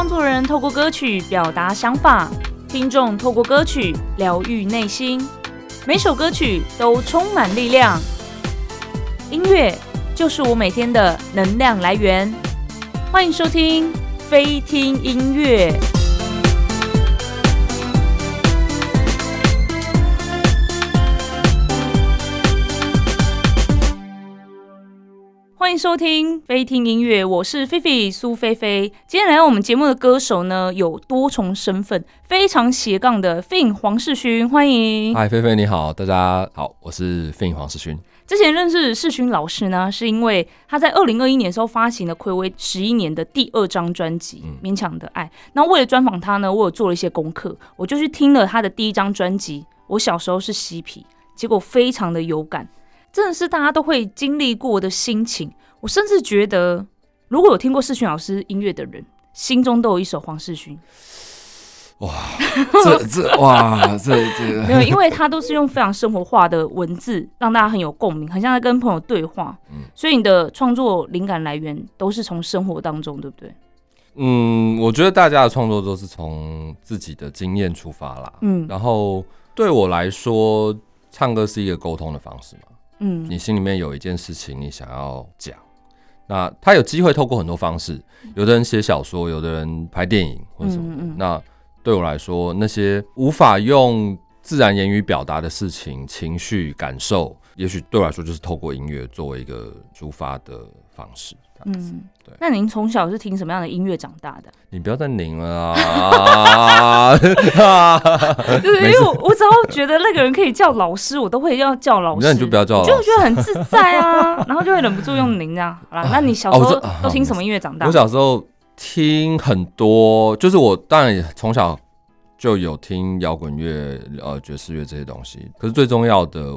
創作人透過歌曲表達想法，聽眾透過歌曲療癒內心。每首歌曲都充滿力量，音樂就是我每天的能量來源。歡迎收聽菲聽音樂。歡迎收聽菲聽音樂，我是菲菲，蘇菲菲。今天來到我們節目的歌手呢，有多重身份，非常斜槓的 Finn 黃士勛，歡迎。嗨，菲菲你好，大家好，我是 Finn 黃士勛。之前認識士勛老師呢，是因為他在二零二一年時候發行了睽違十一年的第二張專輯，嗯、《勉強的愛》。那為了專訪他呢，我有做了一些功課，我就去聽了他的第一張專輯《我小時候是嬉皮》，結果非常的有感。真的是大家都會經歷過的心情。我甚至覺得，如果有聽過士勛老師音樂的人，心中都有一首黃士勛。哇， 這這哇這這沒有， 因為他都是用非常生活化的文字，讓大家很有共鳴，很像在跟朋友對話。嗯，所以你的創作靈感來源都是從生活當中，對不對？嗯，我覺得大家的創作都是從自己的經驗出發啦。嗯，然後對我來說，唱歌是一個溝通的方式嘛。嗯，你心裡面有一件事情，你想要講，那他有機會透過很多方式，有的人寫小說，有的人拍電影或者什麼。那對我來說，那些無法用自然言語表達的事情、情緒感受，也許對我來說就是透過音樂作為一個抒發的方式。嗯，對。那您從小是聽什麼樣的音樂長大的？你不要再“您”了啊！因為我只要覺得那個人可以叫老師，我都會要叫老師。那你就不要叫我，就覺得很自在啊，然後就會忍不住用“您”這樣。好了，那你小時候都聽什麼音樂長大？我小時候聽很多，就是我當然從小就有聽搖滾樂、呃爵士樂這些東西。可是最重要的，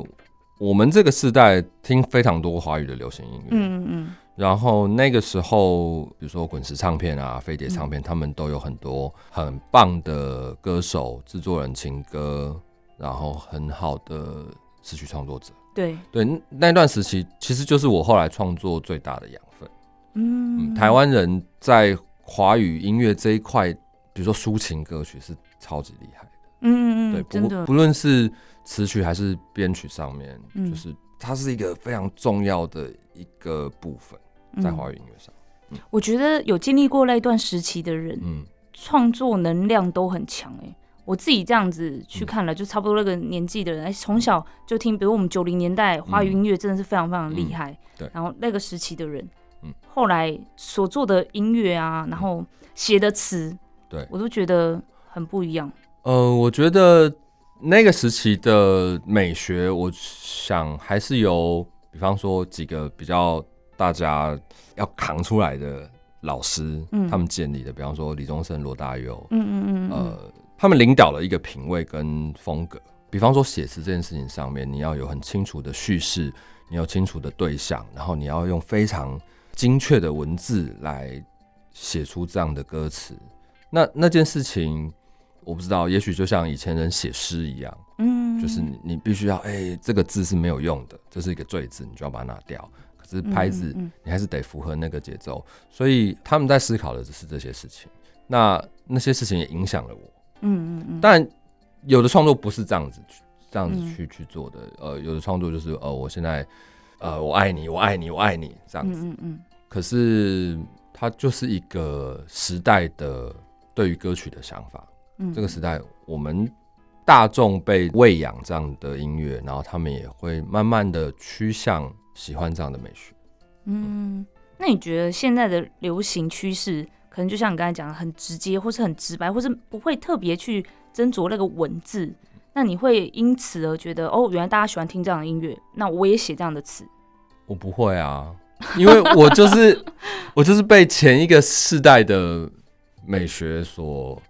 我們這個世代聽非常多華語的流行音樂。嗯嗯。然後那個時候，比如說滾石唱片啊、飛碟唱片，嗯、他們都有很多很棒的歌手、製作人、情歌，然後很好的詞曲創作者。對對，那段時期其實就是我後來創作最大的養分。嗯，台灣人在華語音樂這一塊，比如說抒情歌曲是超級厲害的。嗯嗯嗯，對，不不論是詞曲還是編曲上面，嗯、就是它是一個非常重要的一個部分。在華語音樂上，嗯嗯、我覺得有經歷過那一段時期的人，嗯，創作能量都很強。哎，我自己這樣子去看了，嗯、就差不多那個年紀的人，哎、欸，從小就聽，比如我們九零年代華語音樂真的是非常非常厲害，嗯嗯。對，然後那個時期的人，嗯，後來所做的音樂啊，然後寫的詞、嗯，對，我都覺得很不一樣。呃，我覺得那個時期的美學，我想還是有，比方說幾個比較。大家要扛出來的老師，嗯、他們建立的，比方說李宗盛、羅大佑，嗯嗯嗯嗯，呃，他們領導了一個品味跟風格。比方說寫詞這件事情上面，你要有很清楚的敘事，你要清楚的對象，然後你要用非常精確的文字來寫出這樣的歌詞。那那件事情，我不知道，也許就像以前人寫詩一樣，嗯、嗯，就是你你必須要，哎、欸，這個字是沒有用的，這是一個贅字，你就要把它拿掉。是拍子，你還是得符合那個節奏，嗯嗯、所以他們在思考的就是這些事情。那那些事情也影響了我。嗯嗯嗯。嗯，但有的創作不是這樣子，這樣子去、嗯、去做的。呃，有的創作就是呃，我現在，呃，我愛你，我愛你，我愛你，這樣子。嗯嗯、可是，它就是一個時代的對於歌曲的想法。嗯。這個時代，我們大眾被餵養這樣的音樂，然後他們也會慢慢的趨向。喜歡這樣的美學，嗯，嗯，那你覺得現在的流行趨勢可能就像你剛才講的，很直接，或是很直白，或是不會特別去斟酌那個文字？那你會因此而覺得哦，原來大家喜歡聽這樣的音樂，那我也寫這樣的詞？我不會啊，因為我就是 我就是被前一個世代的美學所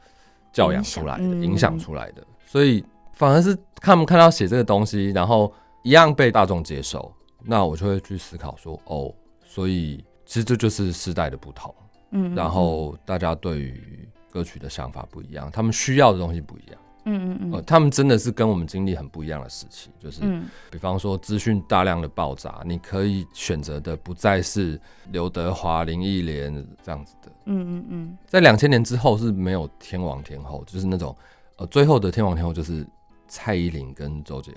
教養出來的，影響、嗯、出來的，所以反而是看不看到寫這個東西，然後一樣被大眾接受。那我就會去思考說，哦，所以其實這就是時代的不同，嗯，然後大家對於歌曲的想法不一樣，他們需要的東西不一樣，嗯嗯嗯、呃，他們真的是跟我們經歷很不一樣的時期，就是，嗯、比方說資訊大量的爆炸，你可以選擇的不再是劉德華、林憶蓮這樣子的，嗯嗯嗯，嗯在兩千年之後是沒有天王天後，就是那種，呃，最後的天王天後就是蔡依林跟周杰倫。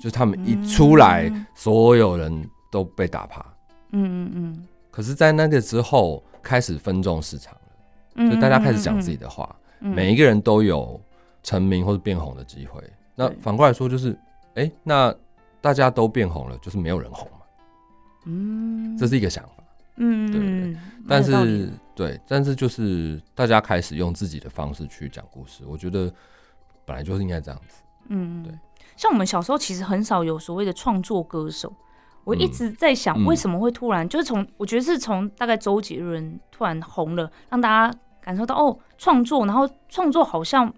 就是他們一出來，所有人都被打趴。嗯嗯嗯。可是，在那個之後，開始分眾市場了。嗯。就大家開始講自己的話，每一個人都有成名或者變紅的機會。那反過來說，就是，哎，那大家都變紅了，就是沒有人紅嘛。嗯。這是一個想法。嗯。對。但是，對，但是就是大家開始用自己的方式去講故事。我覺得本來就是應該這樣子。嗯。對。像我們小時候其實很少有所謂的創作歌手，我一直在想為什麼會突然、嗯嗯、就是從我覺得是從大概周杰倫突然紅了，讓大家感受到哦創作，然後創作好像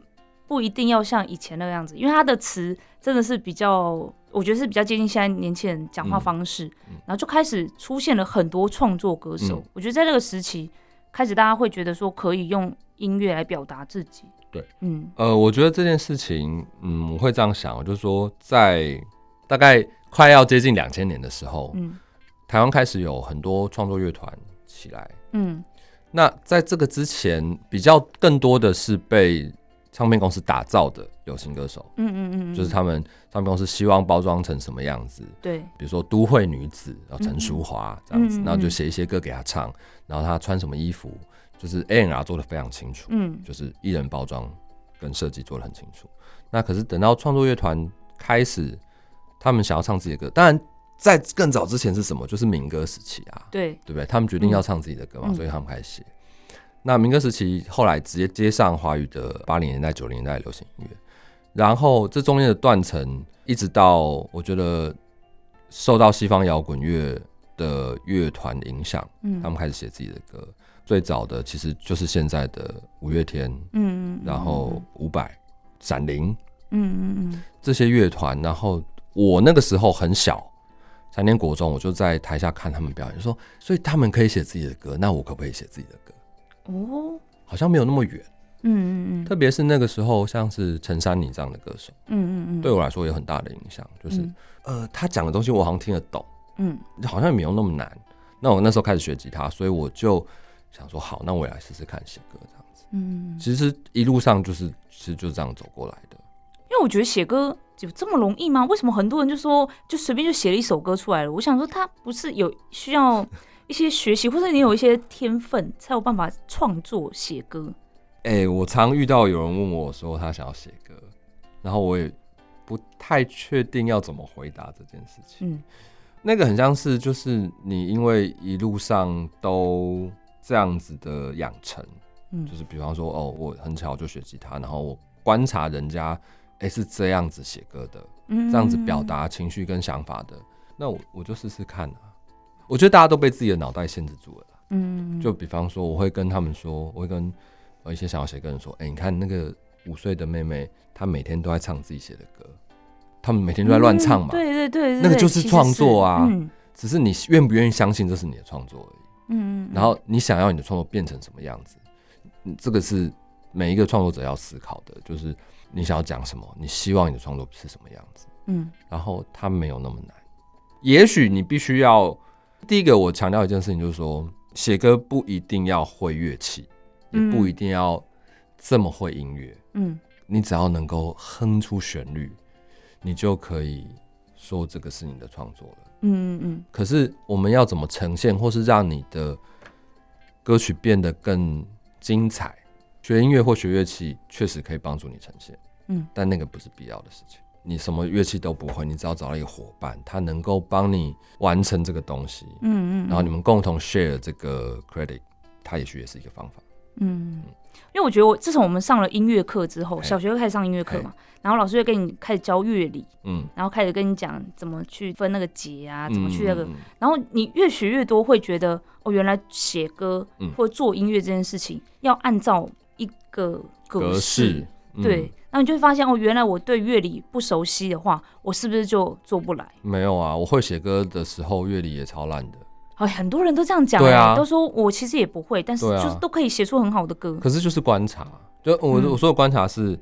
不一定要像以前那個樣子，因為他的詞真的是比較，我覺得是比較接近現在年輕人講話方式，嗯嗯、然後就開始出現了很多創作歌手，嗯、我覺得在那個時期開始大家會覺得說可以用音樂來表達自己。對，嗯，呃，我覺得這件事情，嗯，我會這樣想，我就是說，在大概快要接近兩千年的時候，嗯，台灣開始有很多創作樂團起來，嗯，那在這個之前，比較更多的是被唱片公司打造的流行歌手，嗯嗯嗯，嗯嗯就是他們唱片公司希望包裝成什麼樣子，對、嗯，嗯、比如說都會女子，然後陳淑樺、嗯、這樣子，然後、嗯嗯、就寫一些歌給他唱，然後他穿什麼衣服。就是 A&R 做的非常清楚，嗯，就是藝人包裝跟設計做的很清楚。那可是等到創作樂團開始，他們想要唱自己的歌。當然，在更早之前是什麼？就是民歌時期啊，對，對不對？他們決定要唱自己的歌嘛，嗯、所以他們開始寫。那民歌時期後來直接接上華語的八零年代、九零年代流行音樂，然後這中間的斷層，一直到我覺得受到西方搖滾樂的樂團影響，嗯、他們開始寫自己的歌。最早的其實就是現在的五月天，嗯，然後伍佰、嗯、閃靈、嗯，嗯嗯，這些樂團。然後我那個時候很小，三年國中，我就在台下看他們表演，說所以他們可以寫自己的歌，那我可不可以寫自己的歌？哦，好像沒有那麼遠、嗯，嗯嗯嗯。特別是那個時候，像是陳珊妮這樣的歌手，嗯嗯嗯，嗯嗯，對我來說有很大的影響，就是，嗯、呃，他講的東西我好像聽得懂，嗯，好像也沒有那麼難。那我那時候開始學吉他，所以我就。想說好，那我也來試試看寫歌這樣子。嗯，其實一路上就是其實就是這樣走過來的。因為我覺得寫歌有這麼容易嗎？為什麼很多人就說就隨便就寫了一首歌出來了？我想說他不是有需要一些學習， 或者你有一些天分才有辦法創作寫歌。哎、嗯欸，我常遇到有人問我說他想要寫歌，然後我也不太確定要怎麼回答這件事情。嗯，那個很像是就是你因為一路上都。這樣子的養成，就是比方說，哦，我很巧就學吉他，然後我觀察人家，哎、欸，是這樣子寫歌的，這樣子表達情緒跟想法的，嗯嗯，那我我就試試看啊。我覺得大家都被自己的腦袋限制住了，嗯，嗯，就比方說，我會跟他們說，我會跟有一些想要寫歌人說，哎、欸，你看那個五歲的妹妹，她每天都在唱自己寫的歌，他們每天都在亂唱嘛、嗯，對對對，對，對，對，那個就是創作啊，是嗯、只是你願不願意相信這是你的創作而已。嗯，然後你想要你的創作變成什麼樣子？這個是每一個創作者要思考的，就是你想要講什麼，你希望你的創作是什麼樣子。嗯，然後它沒有那麼難。也許你必須要，第一個我強調一件事情，就是說寫歌不一定要會樂器，也不一定要這麼會音樂。嗯，你只要能夠哼出旋律，你就可以說這個是你的創作了。嗯嗯，嗯，可是我們要怎麼呈現，或是讓你的歌曲變得更精彩？學音樂或學樂器確實可以幫助你呈現。嗯，但那個不是必要的事情。你什麼樂器都不會，你只要找到一個夥伴，他能夠幫你完成這個東西。然後你們共同 share 這個 credit，它也許也是一個方法。嗯，嗯。嗯嗯嗯因為我覺得，我自從我們上了音樂課之後，嘿小學就開始上音樂課嘛，嘿然後老師會跟你開始教樂理，嗯，然後開始跟你講怎麼去分那個節啊，嗯、怎麼去那個，然後你越學越多，會覺得哦，原來寫歌或做音樂這件事情要按照一個格式，格式嗯、對，然後你就會發現哦，原來我對樂理不熟悉的話，我是不是就做不來？沒有啊，我會寫歌的時候，樂理也超爛的。哎、很多人都這樣講，啊，都說我其實也不會，但是就是都可以寫出很好的歌啊。可是就是觀察，就我，嗯、我說的觀察是，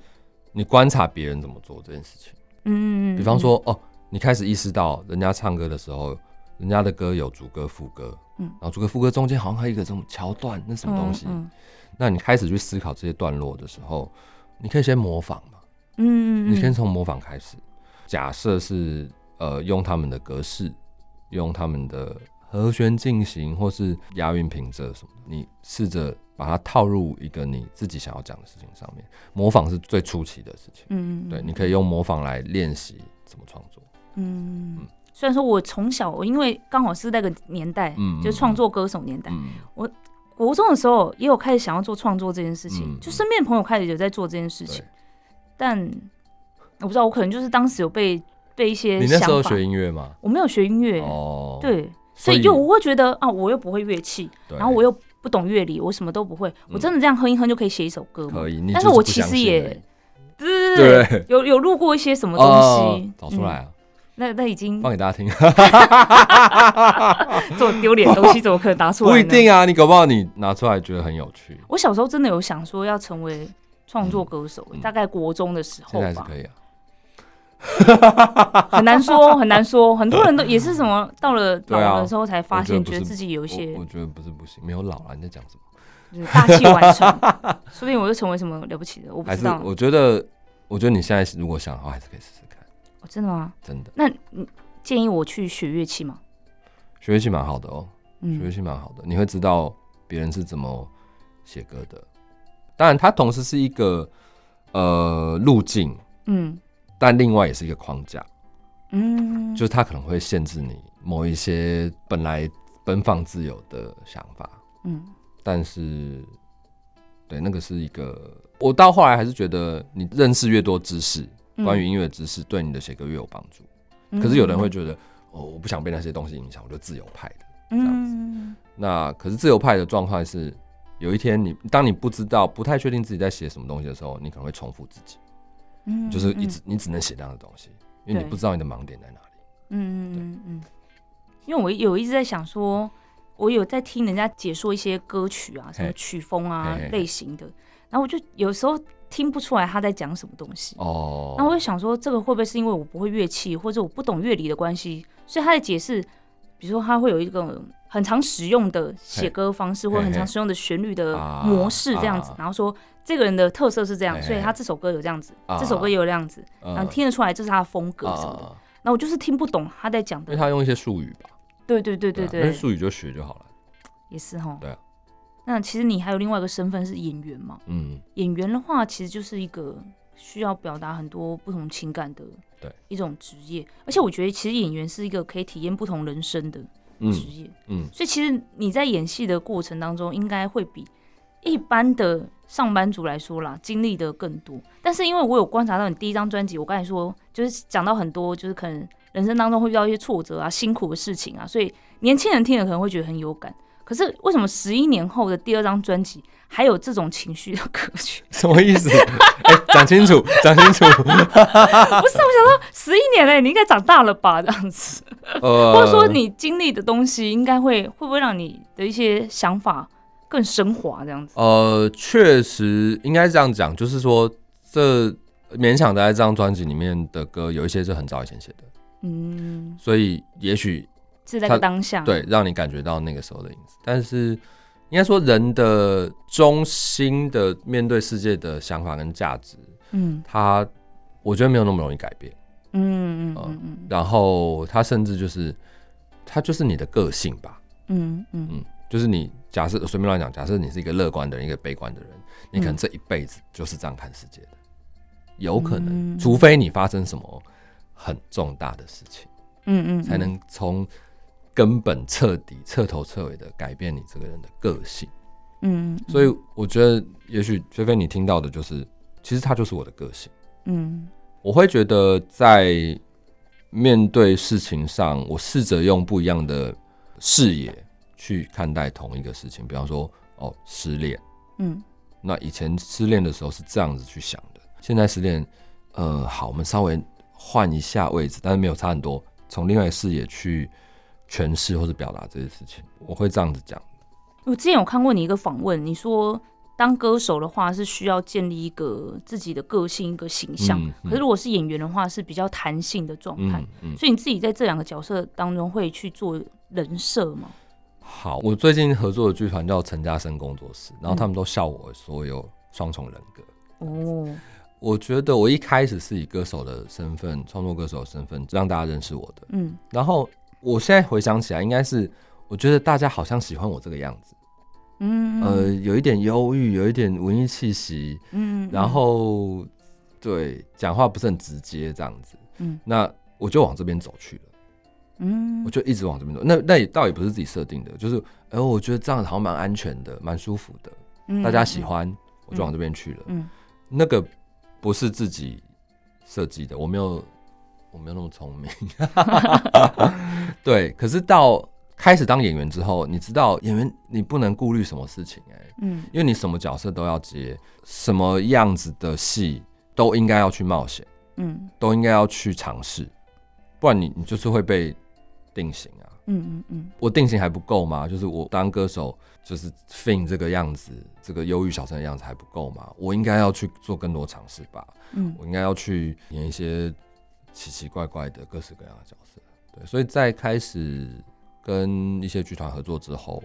你觀察別人怎麼做這件事情。嗯，嗯，嗯。比方說，哦，你開始意識到人家唱歌的時候，人家的歌有主歌、副歌，嗯，然後主歌、副歌中間好像還有一個這種橋段，那什麼東西？嗯嗯，那你開始去思考這些段落的時候，你可以先模仿嘛，嗯，嗯，嗯，嗯，你可以從模仿開始。假設是呃，用他們的格式，用他們的。和弦進行，或是押韻、平仄什麼的，你試着把它套入一個你自己想要講的事情上面。模仿是最初期的事情，嗯，對，你可以用模仿來練習怎麼創作。嗯，嗯，雖然說我，我從小我因為剛好是那個年代，嗯、就創作歌手年代，嗯、我國中的時候也有開始想要做創作這件事情，嗯、就身邊朋友開始有在做這件事情，對但我不知道，我可能就是當時有被被一些，你那時候學音樂嗎？我沒有學音樂、欸、哦，對。所以又我會覺得啊，我又不會樂器，然後我又不懂樂理，我什麼都不會，我真的這樣哼一哼就可以寫一首歌嗎？可以，但是我其實也，對，有有錄過一些什麼東西。找出來啊？那那已經放給大家聽，這種丟臉東西怎麼可能拿出來？不一定啊，你搞不好你拿出來覺得很有趣。我小時候真的有想說要成為創作歌手，大概國中的時候吧？現在可以啊。 很難說，很難說。很多人都也是什麼到了老了之後才發現，啊，覺得，覺得自己有一些我。我覺得不是不行，沒有老了啊。你在講什麼？大器晚成， 說不定我就成為什麼了不起的，我不知道。還是，我覺得，我覺得你現在如果想的話，還是可以試試看哦。真的嗎？真的。那你建議我去學樂器嗎？學樂器蠻好的哦，學樂器蠻好的。嗯、你會知道別人是怎麼寫歌的。當然，它同時是一個呃路徑。嗯。但另外也是一個框架，嗯，就是它可能會限制你某一些本來奔放自由的想法，嗯，但是對那個是一個，我到後來還是覺得你認識越多知識，嗯、關於音樂知識對你的寫歌越有幫助。嗯、可是有人會覺得，嗯、哦，我不想被那些東西影響，我就自由派的這樣子。嗯、那可是自由派的狀況是，有一天你當你不知道、不太確定自己在寫什麼東西的時候，你可能會重複自己。嗯，你就是一直、嗯嗯、你只能寫那樣的東西，對因為你不知道你的盲點在哪裡。嗯嗯嗯嗯，對因為我有一直在想說，我有在聽人家解說一些歌曲啊，什麼曲風啊嘿類型的，嘿嘿然後我就有時候聽不出來他在講什麼東西。哦，那我就想說，這個會不會是因為我不會樂器，或者我不懂樂理的關係？所以他的解釋，比如說他會有一個很常使用的寫歌方式，嘿或者很常使用的旋律的模式這樣子，嘿嘿啊、然後說。這個人的特色是這樣，所以他這首歌有這樣子，這首歌也有這樣子，然後聽得出來這是他的風格什麼的。那我就是聽不懂他在講的，所以他用一些術語吧。對對對對對，術語就學就好了。也是哈，對啊。那其實你還有另外一個身份是演員嘛？嗯，演員的話其實就是一個需要表達很多不同情感的對一種職業，而且我覺得其實演員是一個可以體驗不同人生的職業。嗯，所以其實你在演戲的過程當中，應該會比一般的。上班族來說啦，經歷的更多。但是因為我有觀察到你第一張專輯，我剛才說就是講到很多，就是可能人生當中會遇到一些挫折啊、辛苦的事情啊，所以年輕人聽了可能會覺得很有感。可是為什麼十一年後的第二張專輯還有這種情緒的歌曲？什麼意思？講、 欸、清楚，講 清楚。 不是，我想說十一年嘞，你應該長大了吧？這樣子，呃、或者說你經歷的東西應該會會不會讓你的一些想法？更升華這樣子，呃，確實應該這樣講，就是說，這勉強的在這張專輯裡面的歌，有一些是很早以前寫的，嗯，所以也許是在當下，對，讓你感覺到那個時候的影子。但是，應該說，人的中心的面對世界的想法跟價值，嗯，它我覺得沒有那麼容易改變，嗯嗯嗯嗯，然後它甚至就是，它就是你的個性吧，嗯嗯嗯。嗯嗯就是你假設、呃、隨便亂講，假設你是一個樂觀的人，一個悲觀的人，你可能這一輩子就是這樣看世界的，嗯、有可能，除非你發生什麼很重大的事情，嗯，嗯嗯，才能從根本徹底、徹頭徹尾的改變你這個人的個性，嗯，嗯，所以我覺得，也許菲菲你聽到的就是，其實他就是我的個性，嗯，我會覺得在面對事情上，我試着用不一樣的視野。去看待同一個事情，比方說，哦，失戀，嗯，那以前失戀的時候是這樣子去想的，現在失戀，呃，好，我們稍微換一下位置，但是沒有差很多，從另外一個視野去詮釋或者表達這些事情，我會這樣子講。我之前有看過你一個訪問，你說當歌手的話是需要建立一個自己的個性、一個形象，嗯嗯、可是如果是演員的話是比較彈性的狀態，嗯嗯、所以你自己在這兩個角色當中會去做人設嗎？好，我最近合作的劇團叫陳家聲工作室，然後他們都笑我所有雙重人格。哦，我覺得我一開始是以歌手的身份，創作歌手的身份讓大家認識我的。嗯，然後我現在回想起來，應該是我覺得大家好像喜歡我這個樣子。嗯，呃，有一點憂鬱，有一點文藝氣息。嗯，嗯，嗯，然後對，講話不是很直接這樣子。嗯，那我就往這邊走去了。嗯， 我就一直往這邊走。那那也倒也不是自己設定的，就是哎、欸，我覺得這樣子好像蠻安全的，蠻舒服的。嗯、大家喜歡，嗯、我就往這邊去了。嗯，那個不是自己設計的，我沒有，我沒有那麼聰明。 對，可是到開始當演員之後，你知道演員你不能顧慮什麼事情哎、欸，嗯，因為你什麼角色都要接，什麼樣子的戲都應該要去冒險，嗯，都應該要去嘗試，不然你你就是會被。定型啊。嗯，嗯嗯嗯，我定型還不夠嗎？就是我當歌手，就是 Finn 這個樣子，這個憂鬱小生的樣子還不夠嗎？我應該要去做更多嘗試吧，嗯，我應該要去演一些奇奇怪怪的、各式各樣的角色，對，所以在開始跟一些劇團合作之後，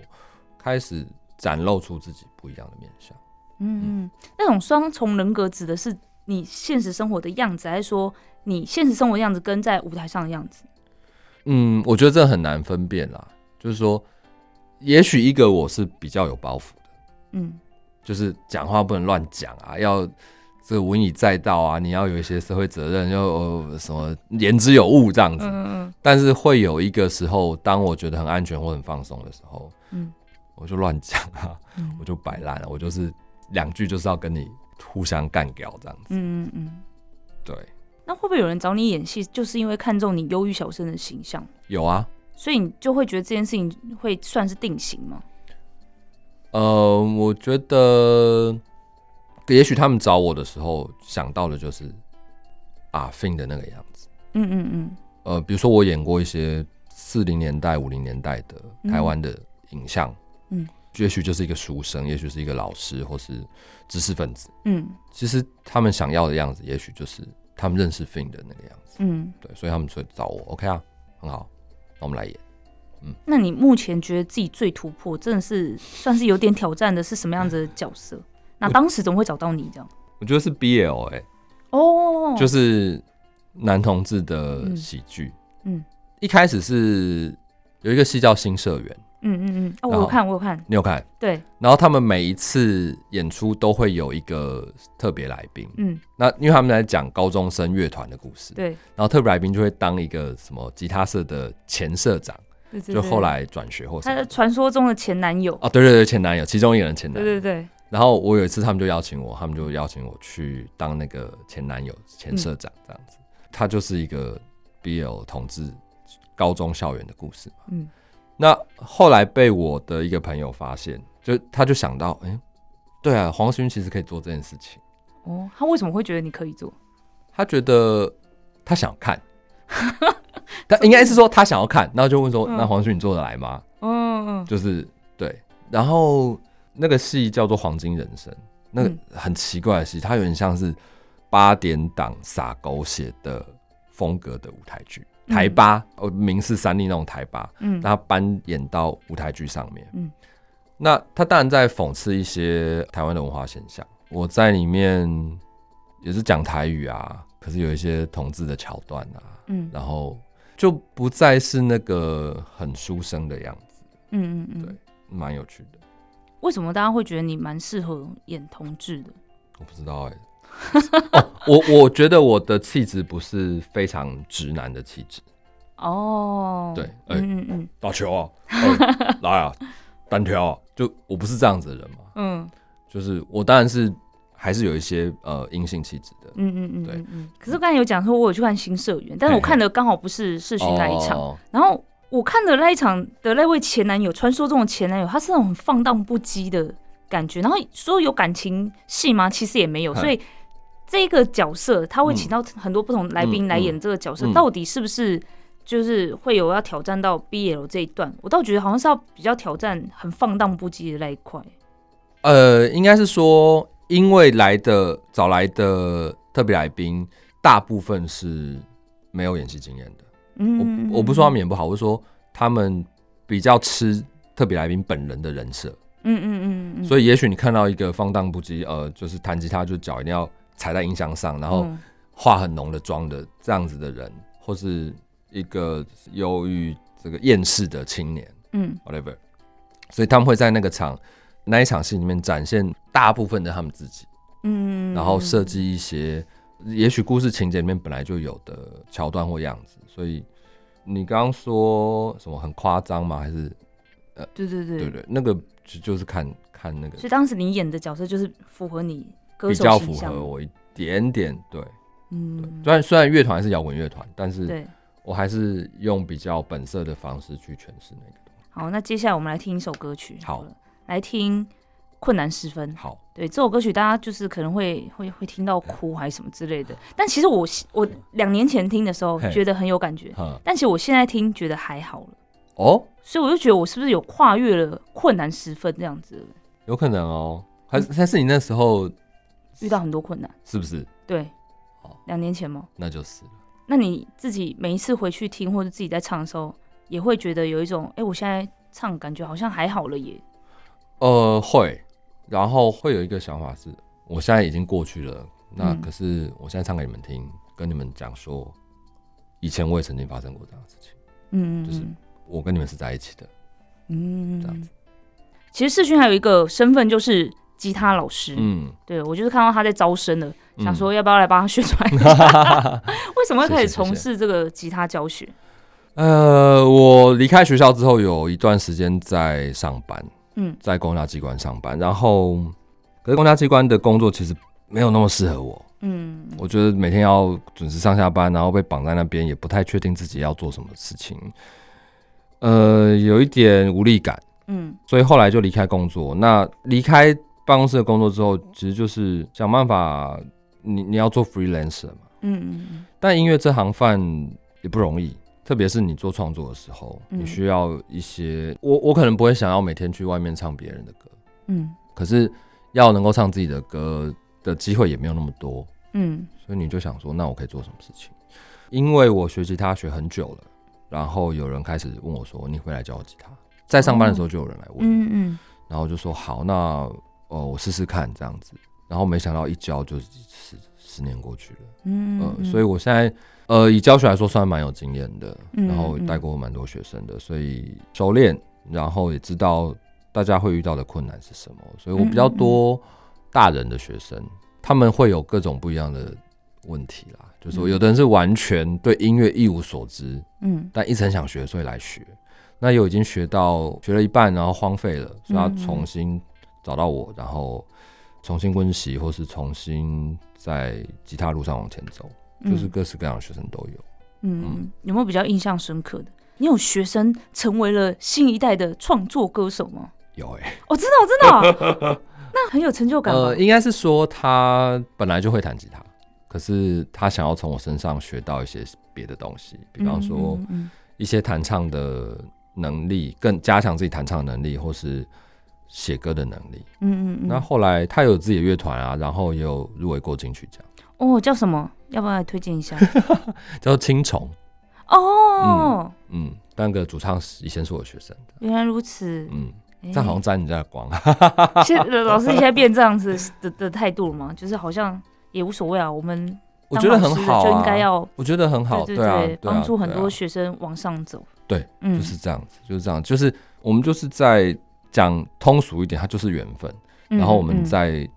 開始展露出自己不一樣的面相，嗯，嗯，那種雙重人格指的是你現實生活的樣子，還是說你現實生活的樣子跟在舞台上的樣子？嗯，我覺得這很難分辨啦。就是說，也許一個我是比較有包袱的，嗯，就是講話不能亂講啊，要這個文以載道啊，你要有一些社會責任，又、嗯、什麼言之有物這樣子。嗯但是會有一個時候，當我覺得很安全或很放鬆的時候，嗯，我就亂講啊,、嗯、啊，我就擺爛了，我就是兩句就是要跟你互相幹掉這樣子。嗯,嗯嗯，對。那會不會有人找你演戲，就是因為看中你憂鬱小生的形象？有啊，所以你就會覺得這件事情會算是定型嗎？呃，我覺得，也許他們找我的時候想到的就是阿、啊、Finn 的那個樣子。嗯嗯嗯。嗯嗯呃，比如說我演過一些四零年代、五零年代的台灣的影像。嗯，也許就是一個書生，也許是一個老師，或是知識分子。嗯，其實他們想要的樣子，也許就是。他們認識 Finn 的那個樣子，嗯，對，所以他們就找我，OK 啊，很好，那我們來演。嗯，那你目前覺得自己最突破，真的是算是有點挑戰的，是什麼樣子的角色？嗯、那當時怎麼會找到你這樣？我，我覺得是 BL 哎、欸，哦，就是男同志的喜劇，嗯。嗯，一開始是有一個戲叫新社員。嗯嗯嗯、啊，我有看，後我有看，你有看，對。然後他們每一次演出都會有一個特別來賓，嗯，那因為他們在講高中生樂團的故事，對。然後特別來賓就會當一個什麼吉他社的前社長，對對對，就後來轉學或什麼。他的傳說中的前男友哦，對對對，前男友，其中一個人前男友，對對對。然後我有一次他們就邀請我，他們就邀請我去當那個前男友前社長這樣子，嗯、他就是一個 BL 同志高中校園的故事嘛，嗯。那後來被我的一個朋友發現，就他就想到，哎、欸，對啊，黃勛其實可以做這件事情。哦，他為什麼會覺得你可以做？他覺得他想哈看， 他應該是說他想要看，麼然後就問說：“嗯、那黃勛，你做得來嗎？”嗯，嗯嗯就是對。然後那個戲叫做《黃金人生》，那個很奇怪的戲，嗯、它有點像是八點檔灑狗血的風格的舞台劇。台八哦，明、嗯、是三立那種台八，嗯，然後搬演到舞台劇上面，嗯，那他當然在諷刺一些台灣的文化現象。我在裡面也是講台語啊，可是有一些同志的橋段啊，嗯，然後就不再是那個很書生的樣子，嗯嗯嗯，對，蠻有趣的。為什麼大家會覺得你蠻適合演同志的？我不知道哎、欸。 哦、我我覺得我的氣質不是非常直男的氣質哦，oh, 對，嗯、欸、嗯嗯，打、嗯、球啊，來啊、 欸，單挑啊，就我不是這樣子的人嘛，嗯，就是我當然是還是有一些呃陰性氣質的，嗯嗯嗯，對，嗯，可是我剛才有講說，我有去看新社員，嗯、但是我看的剛好不是士勛那一場，嘿嘿 oh, 然後我看的那一場的那位前男友，傳說中的前男友，他是那種放蕩不羈的感覺，然後說有感情戲嗎？其實也沒有，所以。這個角色他會請到很多不同來賓來演這個角色，嗯嗯嗯、到底是不是就是會有要挑戰到 BL 這一段？我倒覺得好像是要比較挑戰很放蕩不羈的那一塊。呃，應該是說，因為來的早來的特別來賓，大部分是沒有演戲經驗的。嗯、嗯、嗯我，我不說他們演不好，我是說他們比較吃特別來賓本人的人設。嗯、嗯嗯嗯嗯。所以也許你看到一個放蕩不羈，呃，就是彈吉他就腳一定要踩在音箱上，然後化很濃的妝的這樣子的人，嗯、或是一個憂鬱、這個厭世的青年。嗯，whatever。所以他們會在那個場、那一場戲裡面展現大部分的他們自己。嗯，然後設計一些，也許故事情節裡面本來就有的橋段或樣子。所以你剛剛說什麼很誇張嗎？還是、呃、對對對，對對對，那個就就是看看那個。所以當時你演的角色就是符合你。比較符合我一點點，對，嗯，雖然雖然樂團是搖滾樂團，但是對 我還是用比較本色的方式去詮釋那個。好，那接下來我們來聽一首歌曲，好，好來聽《困難時分》好。好，對這首歌曲，大家就是可能會會會聽到哭還是什麼之類的，但其實我我兩年前聽的時候覺得很有感覺，但其實我現在聽覺得還好了。哦，所以我就覺得我是不是有跨越了困難時分這樣子？有可能哦，還是但是你那時候。遇到很多困難，是不是？對，好，兩年前嗎？那就是了。那你自己每一次回去聽，或者自己在唱的時候，也會覺得有一種，哎、欸，我現在唱，感覺好像還好了耶，也。呃，會，然後會有一個想法是，我現在已經過去了。嗯、那可是我現在唱給你們聽，跟你們講說，以前我也曾經發生過這樣的事情。嗯，嗯，嗯，就是我跟你們是在一起的。嗯，嗯，嗯，這樣子。其實士勛還有一個身份就是。吉他老師，嗯，對，我就是看到他在招生了，嗯、想說要不要來幫他宣傳一下。嗯、 為什麼可以從事這個吉他教學？謝謝謝謝呃，我離開學校之後有一段時間在上班，嗯，在公家機關上班，然後可是公家機關的工作其實沒有那麼適合我，嗯，我覺得每天要準時上下班，然後被綁在那邊，也不太確定自己要做什麼事情，呃，有一點無力感，嗯，所以後來就離開工作，那離開。辦公室的工作之後，其實就是想辦法，你你要做 freelancer 嘛，嗯嗯嗯。但音樂這行飯也不容易，特別是你做創作的時候，嗯、你需要一些，我我可能不會想要每天去外面唱別人的歌，嗯。可是要能夠唱自己的歌的機會也沒有那麼多，嗯。所以你就想說，那我可以做什麼事情？因為我學吉他學很久了，然後有人開始問我說，你會來教我吉他？在上班的時候就有人來問，嗯嗯，然後就說好，那。哦，我試試看這樣子，然後沒想到一教就是十十年過去了，嗯，嗯、呃，所以我現在呃以教學來說算蠻有經驗的，然後帶過蠻多學生的，嗯嗯，所以熟練，然後也知道大家會遇到的困難是什麼，所以我比較多大人的學生，嗯嗯嗯，他們會有各種不一樣的問題啦，就是我有的人是完全對音樂一無所知，嗯，嗯，但一直很想學，所以來學，那有已經學到學了一半，然後荒廢了，所以要重新。找到我，然後重新溫習，或是重新在吉他路上往前走，嗯、就是各式各樣的學生都有。嗯，嗯，有沒有比較印象深刻的？你有學生成為了新一代的創作歌手嗎？有哎、欸，我、哦、知道，我知道， 那很有成就感。呃，應該是說他本來就會彈吉他，可是他想要從我身上學到一些別的東西，比方說一些彈唱的能力，嗯嗯嗯，更加強自己彈唱的能力，或是。寫歌的能力，嗯，嗯嗯，那後來他有自己的樂團啊，然後也有入圍過金曲獎哦，叫什麼？要不要來推薦一下？ 叫青蟲蟲哦嗯，嗯，那個主唱是以前是我學生的，原來如此，嗯，欸、這樣好像沾人家的光， 現在老師現在變這樣子的的態度了嗎？ 就是好像也無所謂啊， 我們，們對對對，我覺得很好，就應該要，我覺得很好，對啊，幫、啊啊啊啊啊、助很多學生往上走，對，就是這樣子，就是這樣，就是我們就是在。講通俗一點，它就是緣分。然後我們在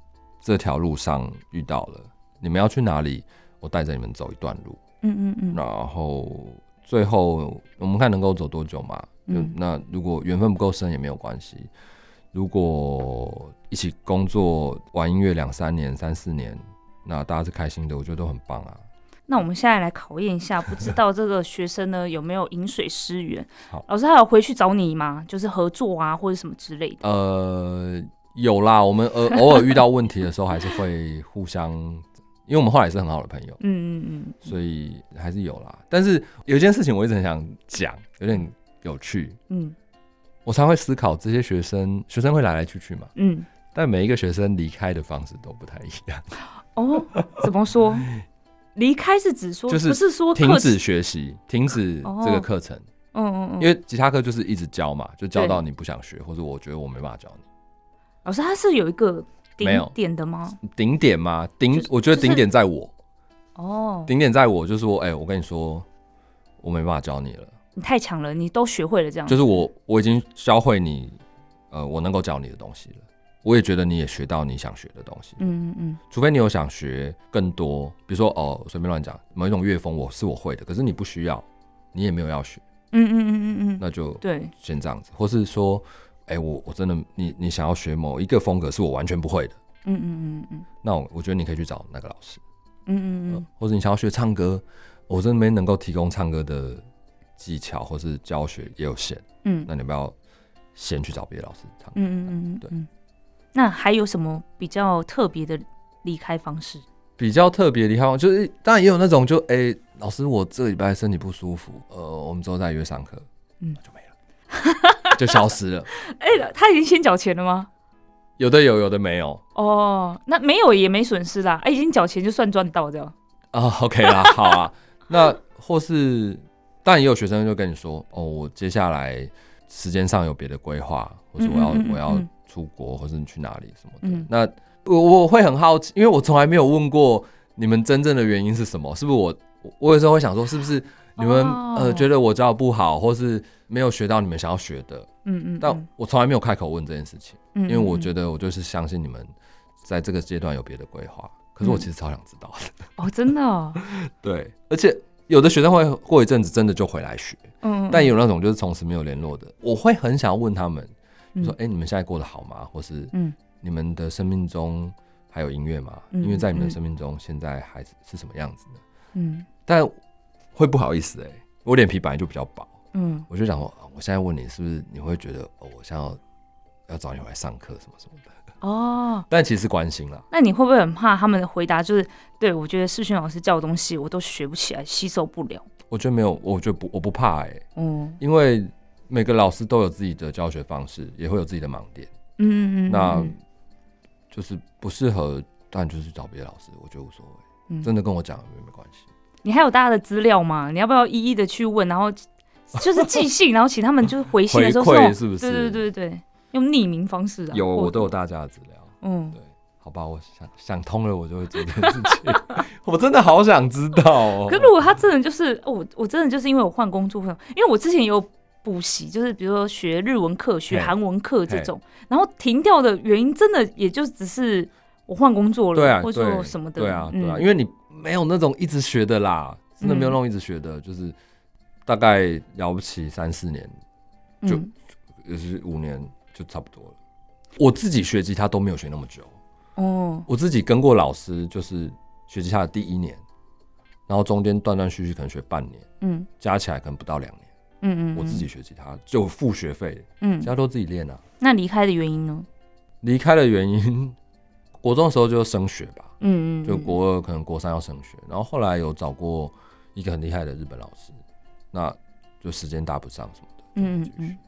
這條路上遇到了，嗯嗯、你們要去哪裡？我帶着你們走一段路。嗯嗯嗯。嗯嗯，然後最後我們看能夠走多久嘛。嗯。那如果緣分不夠深也沒有關係。如果一起工作、玩音樂兩三年、三四年，那大家是開心的，我覺得都很棒啊。那我們現在來考驗一下，不知道這個學生呢 有沒有飲水思源？好，老師還有回去找你嗎？就是合作啊，或者什麼之類的。呃，有啦，我們、呃、 偶爾遇到問題的時候還是會互相，因為我們後來也是很好的朋友。 嗯，嗯，嗯嗯嗯，所以還是有啦。但是有一件事情我一直很想講，有點有趣。嗯，我常會思考這些學生，學生會來來去去嘛。嗯，但每一個學生離開的方式都不太一樣。哦，怎麼說？ 離開是指說，就是說停止學習，停止這個課程。哦，嗯嗯嗯，因為吉他課就是一直教嘛，就教到你不想學，對或者我覺得我沒辦法教你。老師他是有一個頂點的嗎？頂點嗎？頂？我覺得頂點在我。哦，就是。就是，頂點在我，就是說，哎，欸，我跟你說，我沒辦法教你了。你太強了，你都學會了這樣。就是我，我已經教會你，呃，我能夠教你的東西了。我也覺得你也學到你想學的東西，嗯嗯嗯。除非你有想學更多，比如說哦，隨便亂講某一種樂風，我是我會的，可是你不需要，你也沒有要學，嗯嗯嗯嗯嗯，那就對，先這樣子。或是說，哎，我我真的你你想要學某一個風格，是我完全不會的，嗯嗯嗯嗯那我我覺得你可以去找那個老師，嗯嗯嗯，或者你想要學唱歌，我這邊能夠提供唱歌的技巧或是教學也有限，嗯，那你不要先去找別的老師唱，歌，嗯嗯，對。那還有什麼比較特別的離開方式？比較特別離開，就是當然也有那種就，就、欸、哎，老師，我這禮拜身體不舒服，呃，我們之後再約上課，嗯，就沒了，就消失了。哎、 欸，他已經先繳錢了嗎？有的有，有的沒有。哦，oh, 那沒有也沒損失啦，哎、欸，已經繳錢就算賺到這樣。啊、oh,，OK 啦，好啊。 那或是，當然也有學生就跟你說，哦，我接下來時間上有別的規劃，或是我要嗯嗯嗯嗯我要。出國或是你去哪裡什麼的，嗯、那我我會很好奇，因為我從來沒有問過你們真正的原因是什麼，是不是我我有時候會想說，是不是你們、哦、呃覺得我教的不好，或是沒有學到你們想要學的，嗯嗯，嗯嗯但我從來沒有開口問這件事情，嗯嗯、因為我覺得我就是相信你們在這個階段有別的規劃，可是我其實超想知道的、嗯、 哦，真的，對，而且有的學生會過一陣子真的就回來學，嗯，嗯但也有那種就是從此沒有聯絡的，我會很想要問他們。說：“哎、欸，你們現在過得好嗎？或是，嗯，你們的生命中還有音樂嗎？音樂在你們的生命中，現在還是是什麼樣子呢？嗯，嗯但會不好意思哎、欸，我臉皮本來就比較薄，嗯，我就想說，我現在問你，是不是你會覺得，哦，我想要要找你來上課什麼什麼的？哦，但其實是關心啦。那你會不會很怕他們的回答？就是對我覺得士勛老師教的東西，我都學不起來，吸收不了。我覺得沒有，我覺得不，我不怕哎、欸，嗯，因為。”每個老師都有自己的教學方式，也會有自己的盲點。嗯嗯嗯，嗯，那就是不適合，但就是找別的老師，我覺得無所謂。嗯、真的跟我講也沒關係。你還有大家的資料嗎？你要不要一一的去問，然後就是寄信， 然後請他們就是回信的時候，回饋，是不是？對，對對對對，用匿名方式啊。有，或我都有大家的資料。嗯，對，好吧，我想想通了，我就會做這件事情。 我真的好想知道喔。可如果他真的就是我，我真的就是因為我換工作，因為我之前有。補習就是比如說學日文課、學韓文課這種，yeah, hey. 然後停掉的原因真的也就只是我換工作了，對啊，或者什麼的。對，對啊，嗯、對啊，因為你沒有那種一直學的啦，真的沒有那種一直學的，嗯、就是大概了不起三四年，就也、嗯、是五年就差不多了。我自己學吉他都沒有學那麼久，哦，我自己跟過老師就是學吉他的第一年，然後中間斷斷續續可能學半年，嗯，加起來可能不到兩年。嗯，嗯嗯，我自己學吉他就付學費，嗯，其他都自己練啊。那離開的原因呢？離開的原因，國中的時候就升學吧，嗯，嗯嗯，就國二可能國三要升學，然後後來有找過一個很厲害的日本老師，那就時間搭不上什麼的，嗯嗯、嗯、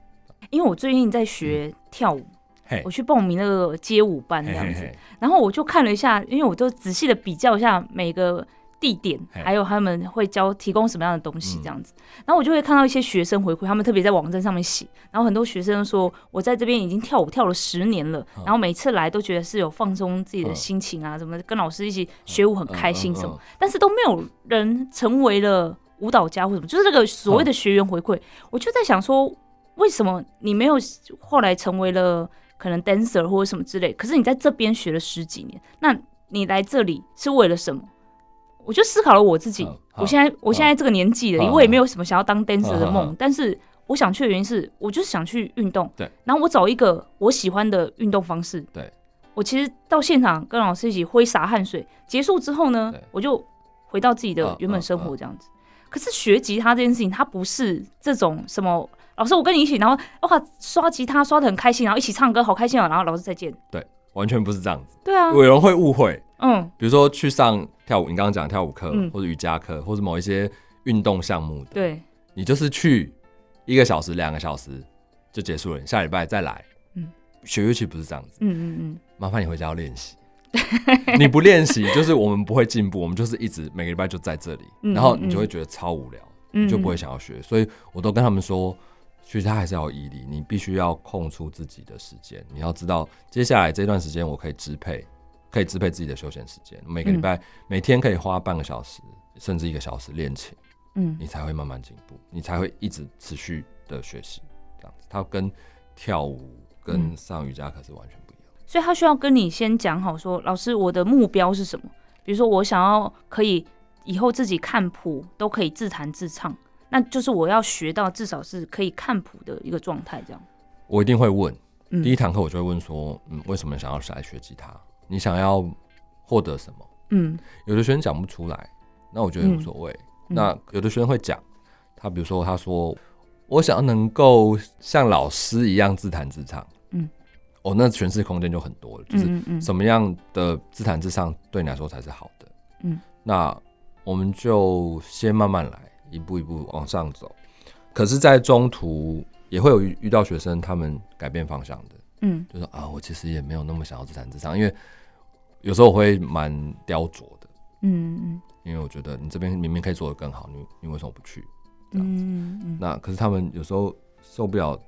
啊、因為我最近在學跳舞，嗯、我去報名那個街舞班的這樣子，嘿嘿嘿然後我就看了一下，因為我就仔細的比較一下每個。地點，還有他們會教提供什麼樣的東西，這樣子。然後我就會看到一些學生回饋，他們特別在網站上面寫。然後很多學生說，我在這邊已經跳舞跳了十年了，然後每次來都覺得是有放鬆自己的心情啊，怎麼跟老師一起學舞很開心什麼。但是都沒有人成為了舞蹈家或什麼，就是這個所謂的學員回饋，我就在想說，為什麼你沒有後來成為了可能 dancer 或者什麼之類？可是你在這邊學了十幾年，那你來這裡是為了什麼？我就思考了我自己，我現在我現在這個年紀了，因為我也沒有什麼想要當 dancer 的夢，但是我想去的原因是，我就是想去運動。對，然後我找一個我喜歡的運動方式。對，我其實到現場跟老師一起揮灑汗水，結束之後呢，我就回到自己的原本生活這樣子。可是學吉他這件事情，它不是這種什麼老師，我跟你一起，然後哇，刷吉他刷得很開心，然後一起唱歌好開心啊，然後老師再見。對，完全不是這樣子。對啊，有人會誤會。嗯，比如說去上。剛剛跳舞，你剛剛講跳舞課，或者瑜伽課，或者某一些運動項目的，對，你就是去一個小時、兩個小時就結束了，你下禮拜再來。嗯，學樂器不是這樣子，嗯嗯嗯，麻煩你回家要練習。你不練習，就是我們不會進步，我們就是一直每個禮拜就在這裡，然後你就會覺得超無聊，你就不會想要學。所以，我都跟他們說，學它還是要有毅力，你必須要空出自己的時間，你要知道接下來這段時間我可以支配。可以支配自己的休閒時間，每個禮拜、嗯、每天可以花半個小時甚至一個小時練琴，嗯，你才會慢慢進步，你才會一直持續的學習。這樣子，他跟跳舞跟上瑜伽可是完全不一樣、嗯。所以，他需要跟你先講好說，老師，我的目標是什麼？比如說，我想要可以以後自己看譜都可以自彈自唱，那就是我要學到至少是可以看譜的一個狀態。這樣，我一定會問，嗯、第一堂課我就會問說，嗯，為什麼想要來學吉他？你想要獲得什麼？嗯，有的學生講不出來，那我覺得無所謂。嗯嗯、那有的學生會講，他比如說他說：“我想要能夠像老師一樣自彈自唱。”嗯，哦，那詮釋空間就很多了，就是什麼樣的自彈自唱對你來說才是好的？嗯，嗯那我們就先慢慢來，一步一步往上走。可是，在中途也會有遇到學生，他們改變方向的。嗯，就說啊，我其實也沒有那麼想要自彈自唱，因為。有時候我會蠻雕琢的，嗯，嗯，因為我覺得你這邊明明可以做得更好，你你為什麼不去？這樣子，嗯嗯，那可是他們有時候受不了，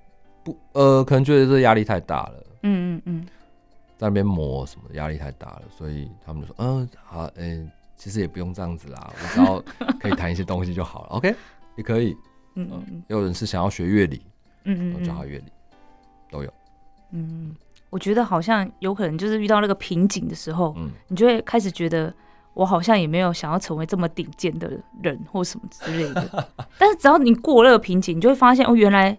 不，呃，可能覺得這壓力太大了，嗯嗯，嗯在那邊磨什麼的，壓力太大了，所以他們就說，嗯、呃，好，嗯、欸，其實也不用這樣子啦，我只要可以彈一些東西就好了 ，OK，也可以，嗯、呃、也有人是想要學樂理，嗯，嗯嗯，教他樂理，都有，嗯，嗯。我覺得好像有可能就是遇到那個瓶頸的時候，嗯、你就會開始覺得，我好像也沒有想要成為這麼頂尖的人或什麼之類的。 但是只要你過那個瓶頸，你就會發現哦，原來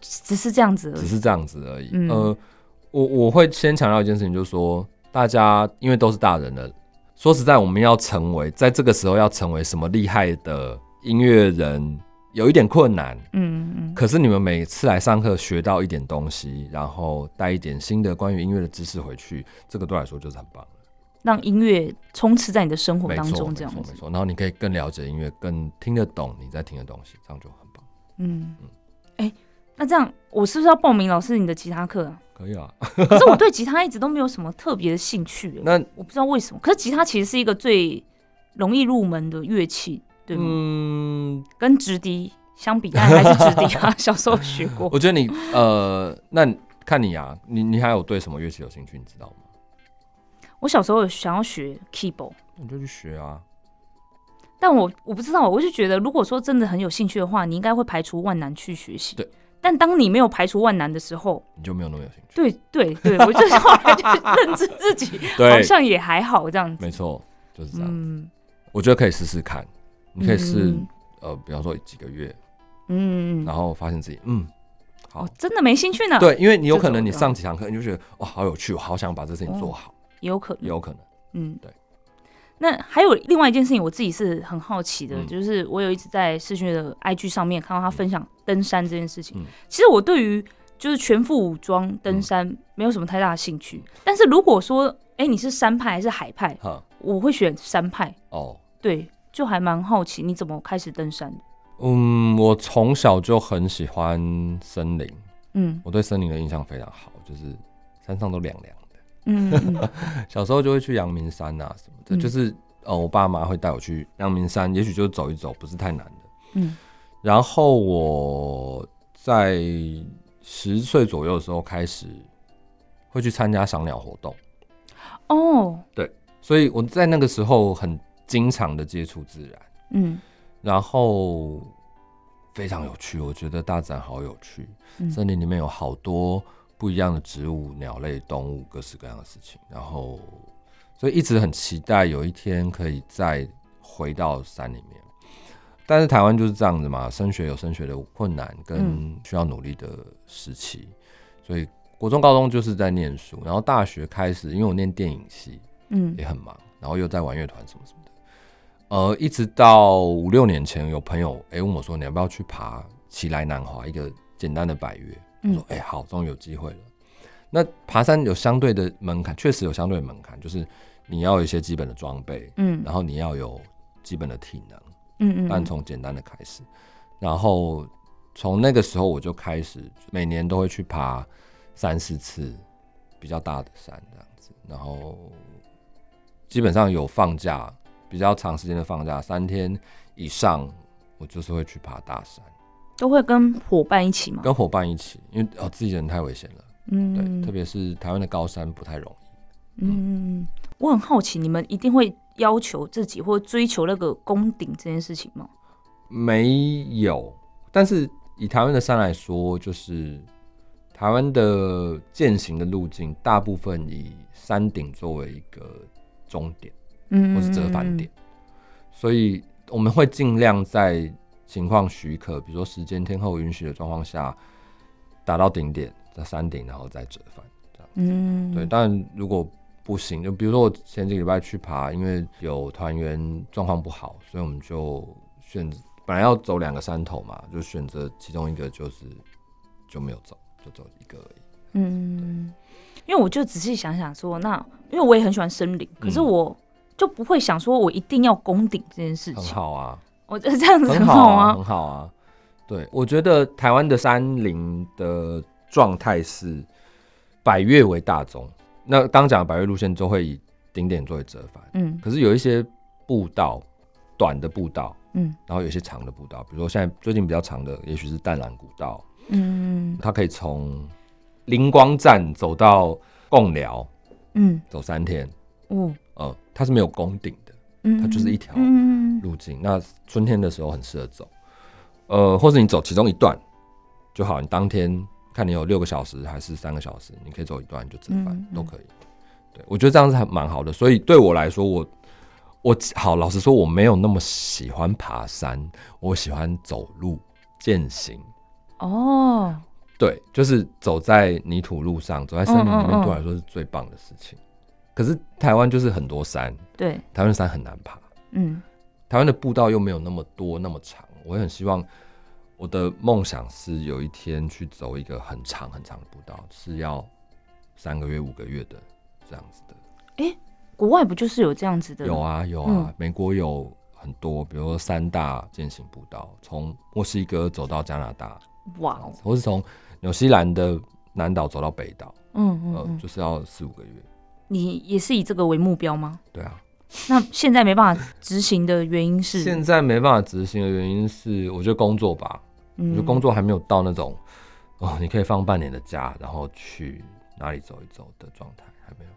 只是這樣子而已。只是這樣子而已。嗯呃、我我會先強調一件事情，就是說大家因為都是大人了，說實在，我們要成為在這個時候要成為什麼厲害的音樂人。有一點困難，嗯，可是你們每次來上課，學到一點東西，然後帶一點新的關於音樂的知識回去，這個對來說就是很棒。讓音樂充斥在你的生活當中，這樣沒錯，然後你可以更了解音樂，更聽得懂你在聽的東西，這樣就很棒。嗯嗯。哎、嗯欸，那這樣我是不是要報名老師你的吉他課、啊？可以啊。 可是我對吉他一直都沒有什麼特別的興趣、欸。那我不知道為什麼。可是吉他其實是一個最容易入門的樂器。嗯，跟直笛相比，但還是直笛啊。 小時候學過。我覺得你呃，那看你啊，你你還有對什麼樂器有興趣？你知道嗎？我小時候想要學 keyboard，你就去學啊。但我我不知道，我就覺得，如果說真的很有興趣的話，你應該會排除萬難去學習。對。但當你沒有排除萬難的時候，你就沒有那麼有興趣。對對對，我就是突然就認知自己，好像也還好這樣子。對沒錯，就是這樣。嗯，我覺得可以試試看。你可以試，呃，比方說幾個月，嗯，然後發現自己，嗯，好，真的沒興趣呢。對，因為你有可能你上幾堂課你就覺得哦，好有趣，我好想把這事情做好。也有可能，也有可能，嗯，對。那還有另外一件事情，我自己是很好奇的，就是我有一直在士勛的 IG 上面看到他分享登山這件事情。其實我對於就是全副武裝登山沒有什麼太大的興趣，但是如果說哎，你是山派還是海派？哈，我會選山派。哦，對。就還蠻好奇，你怎麼開始登山的？嗯，我從小就很喜歡森林。嗯，我對森林的印象非常好，就是山上都涼涼的。嗯，嗯， 小時候就會去陽明山啊什麼的，嗯、就是、哦、我爸媽會帶我去陽明山，也許就走一走，不是太難的。嗯，然後我在十歲左右的時候開始會去參加賞鳥活動。哦，對，所以我在那個時候很。經常的接觸自然，嗯，然後非常有趣，我覺得大自然好有趣。嗯、森林裡面有好多不一樣的植物、鳥類、動物，各式各樣的事情。然後，所以一直很期待有一天可以再回到山裡面。但是台灣就是這樣子嘛，升學有升學的困難跟需要努力的時期，嗯、所以國中、高中就是在念書，然後大學開始，因為我念電影系，嗯，也很忙，嗯、然後又在玩樂團什麼什麼。呃，一直到五六年前，有朋友哎問我說：“你要不要去爬奇萊南華，一個簡單的百嶽？我、嗯、說：“哎，好，終於有機會了。”那爬山有相對的門檻，確實有相對的門檻，就是你要有一些基本的裝備，嗯，然後你要有基本的體能，嗯。但從簡單的開始，嗯、然後從那個時候我就開始就每年都會去爬三四次比較大的山這樣子，然後基本上有放假。比較長時間的放假，三天以上，我就是會去爬大山。都會跟夥伴一起嗎？跟夥伴一起，因為哦，自己人太危險了。嗯，對，特別是台灣的高山不太容易。嗯，嗯，我很好奇，你們一定會要求自己或追求那個攻頂這件事情嗎？沒有，但是以台灣的山來說，就是台灣的健行的路徑，大部分以山頂作為一個終點。嗯，或是折返點，所以我們會盡量在情況許可，比如說時間、天候允許的狀況下，達到頂點，在山頂然後再折返，嗯，對。但如果不行，就比如說我前幾個禮拜去爬，因為有團員狀況不好，所以我們就選本來要走兩個山頭嘛，就選擇其中一個，就是就沒有走，就走一個，而已。嗯，因為我就仔細想想說，那因為我也很喜歡森林，可是我。嗯就不會想說，我一定要攻頂這件事情。很好啊，我、哦、這樣子很好啊，很好啊，很好啊。對，我覺得台灣的山林的狀態是百岳為大宗。那剛講的百岳路線就會以頂點作為折返，嗯。可是有一些步道，短的步道，嗯，然後有一些長的步道，比如說現在最近比較長的，也許是淡蘭古道，嗯，它可以從靈光站走到貢寮，嗯，走三天，嗯。嗯它是沒有峰頂的，它就是一條路徑。Mm hmm. 那春天的時候很適合走，呃，或者你走其中一段就好。你當天看你有六個小時還是三個小時，你可以走一段就吃飯、mm hmm. 都可以。對，我覺得這樣子還蠻好的。所以對我來說我，我我好老實說，我沒有那麼喜歡爬山，我喜歡走路健行。哦，oh. 對，就是走在泥土路上，走在森林裡面，對我來說是最棒的事情。可是台灣就是很多山，對，台灣的山很難爬。嗯，台灣的步道又沒有那麼多那麼長。我也很希望我的夢想是有一天去走一個很長很長的步道，是要三個月五個月的這樣子的。哎、欸，國外不就是有這樣子的？有啊有啊，有啊嗯、美國有很多，比如說三大踐行步道，從墨西哥走到加拿大，哇 Wow！或是從紐西蘭的南島走到北島，嗯嗯,嗯、呃，就是要四五個月。你也是以這個為目標嗎？對啊，那現在沒辦法執行的原因是？ 現在沒辦法執行的原因是，我覺得工作吧，嗯、我覺得工作還沒有到那種哦，你可以放半年的假，然後去哪裡走一走的狀態還沒有。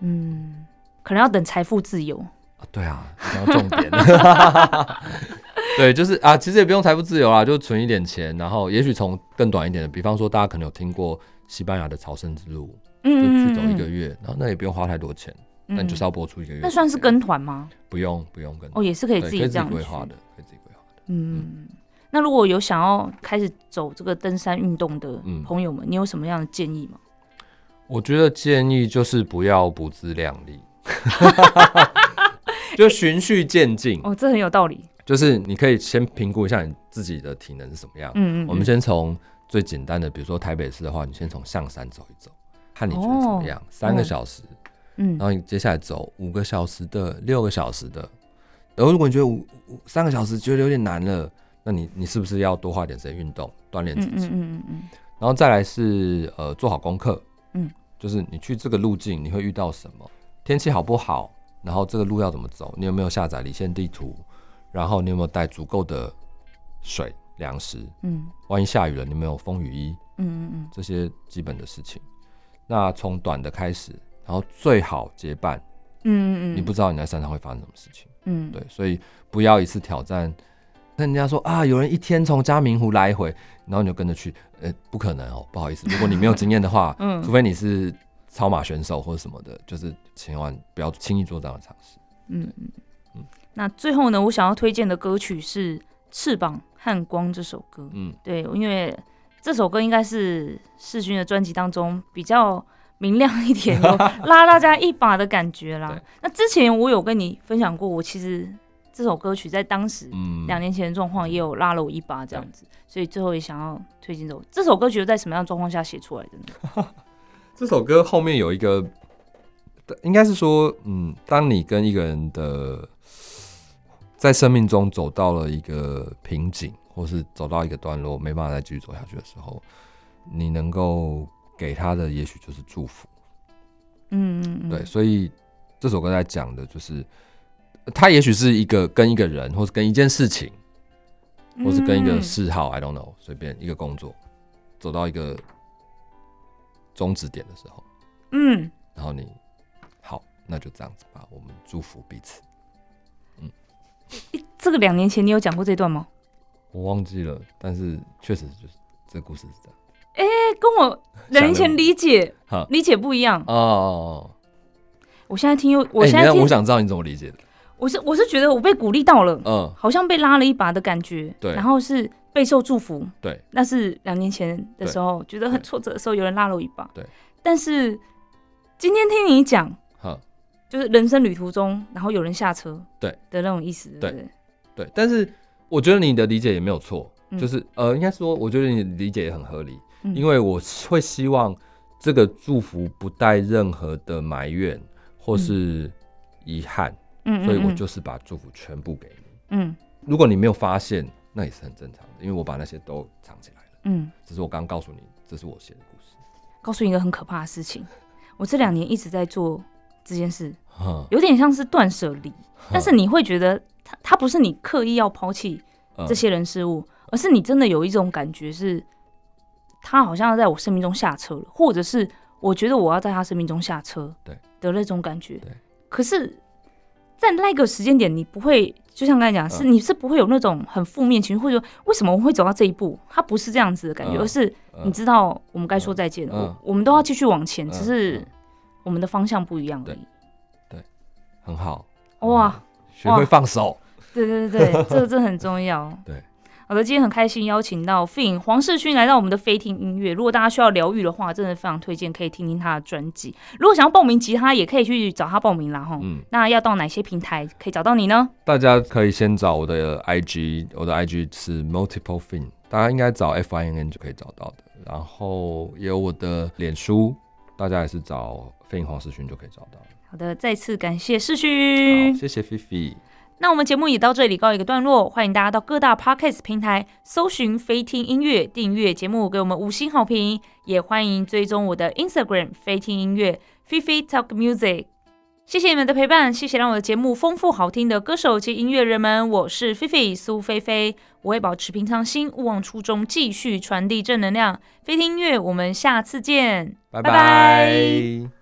嗯，可能要等財富自由。啊對啊，比較重點。 對，就是啊，其實也不用財富自由啊，就存一點錢，然後也許從更短一點的，比方說大家可能有聽過西班牙的朝聖之路。嗯，去走一個月，然後那也不用花太多錢，那就是要播出一個月。那算是跟團嗎？不用，不用跟團。哦，也是可以自己這樣規劃的，可以自己規劃的。嗯，那如果有想要開始走這個登山運動的朋友們，你有什麼樣的建議嗎？我覺得建議就是不要不自量力，就循序漸進。哦，這很有道理。就是你可以先評估一下你自己的體能是什麼樣。嗯嗯。我們先從最簡單的，比如說台北市的話，你先從象山走一走。看你覺得怎麼樣？Oh, 三個小時，嗯，oh. 然後你接下來走五個小時的，嗯、六個小時的，然後如果你覺得五五三個小時覺得有點難了，那你你是不是要多花點時間運動鍛鍊自己？嗯嗯嗯，然後再來是呃，做好功課，嗯，就是你去這個路徑，你會遇到什麼？天氣好不好？然後這個路要怎麼走？你有沒有下載離線地圖？然後你有沒有帶足夠的水、糧食？嗯，萬一下雨了，你有沒有風雨衣？嗯嗯，嗯，這些基本的事情。那從短的開始，然後最好結伴。嗯嗯，你不知道你在山上會發生什麼事情。嗯，嗯，對，所以不要一次挑戰。那人家說啊，有人一天從嘉明湖來回，然後你就跟着去，呃、欸，不可能哦，喔，不好意思，如果你沒有經驗的話， 嗯，除非你是超馬選手或者什麼的，就是千萬不要輕易做這樣的嘗試。嗯嗯嗯。那最後呢，我想要推薦的歌曲是《翅膀和光》這首歌。嗯，對，因為。這首歌應該是士勛的專輯當中比較明亮一點的， 拉大家一把的感覺啦。對那之前我有跟你分享過，我其實這首歌曲在當時兩年前的狀況也有拉了我一把這樣子，嗯、所以最後也想要推薦這首。對這首歌曲又在什麼樣的狀況下寫出來的呢？ 這首歌後面有一個，應該是說，嗯，當你跟一個人的在生命中走到了一個瓶頸，或是走到一個段落，沒辦法再繼續走下去的時候，你能夠給他的也許就是祝福。嗯，嗯，嗯，對，所以這首歌在講的就是，他也許是一個跟一個人，或是跟一件事情，或是跟一個嗜好，嗯，I don't know，隨便一個工作，走到一個終止點的時候，嗯，然後你，好，那就這樣子吧，我們祝福彼此。嗯，這個兩年前你有講過這段嗎？我忘記了，但是確實就是這故事是這樣。哎，跟我兩年前理解哈，理解不一樣哦。我現在聽，我現在聽，我想知道你怎麼理解的。我是我是覺得我被鼓勵到了，嗯，好像被拉了一把的感覺。對，然後是備受祝福。對，那是兩年前的時候，覺得很挫折的時候，有人拉了我一把。對，但是今天聽你講，哈，就是人生旅途中，然後有人下車，對的那種意思。對，對，但是。我覺得你的理解也沒有錯，嗯、就是呃，應該說，我覺得你的理解也很合理，嗯、因為我會希望這個祝福不帶任何的埋怨或是遺憾，嗯，所以我就是把祝福全部給你，嗯，嗯嗯，如果你沒有發現，那也是很正常的，因為我把那些都藏起來了，嗯，只是我剛告訴你，這是我寫的故事，告訴你一個很可怕的事情，我這兩年一直在做這件事， 有點像是斷舍離， 但是你會覺得。他不是你刻意要拋棄這些人事物，嗯、而是你真的有一種感覺是，他好像在我生命中下車了，或者是我覺得我要在他生命中下車，對的那種感覺。對，對，可是，在那個時間點，你不會，就像剛才講，是你是不會有那種很負面情緒，嗯、或者說為什麼我會走到這一步？他不是這樣子的感覺，嗯、而是你知道，我們該說再見，嗯、我、嗯、我們都要繼續往前，嗯、只是我們的方向不一樣而已。對，對，很好，哇。Oh 啊學會放手，對對對對， 這個真的很重要。對，對好的，今天很開心邀請到 Finn 黃士勛來到我們的菲聽音樂。如果大家需要療癒的話，真的非常推薦可以聽聽他的專輯。如果想要報名吉他，也可以去找他報名啦嗯，那要到哪些平台可以找到你呢？大家可以先找我的 IG，我的 IG 是 Multiple Finn，大家應該找 F I N N 就可以找到的。然後有我的臉書，大家也是找 Finn 黃士勛就可以找到。好的，再次感謝士勛，謝謝菲菲。那我們節目也到這裡告一個段落，歡迎大家到各大 podcast 平台搜尋“菲聽音樂”，訂閱節目，給我們五星好評。也歡迎追蹤我的 Instagram“ 菲聽音樂 ”“Fifi Talk Music”。謝謝你們的陪伴，謝謝讓我的節目豐富好聽的歌手及音樂人們。我是菲菲蘇菲菲，我會保持平常心，勿忘初衷，繼續傳遞正能量。菲聽音樂，我們下次見，bye bye 拜拜。